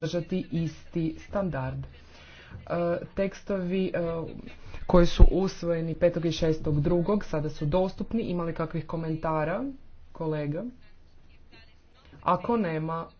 držati isti standard. E, tekstovi e, koji su usvojeni 5. i 6. drugog sada su dostupni. Imali kakvih komentara kolega? Ako nema,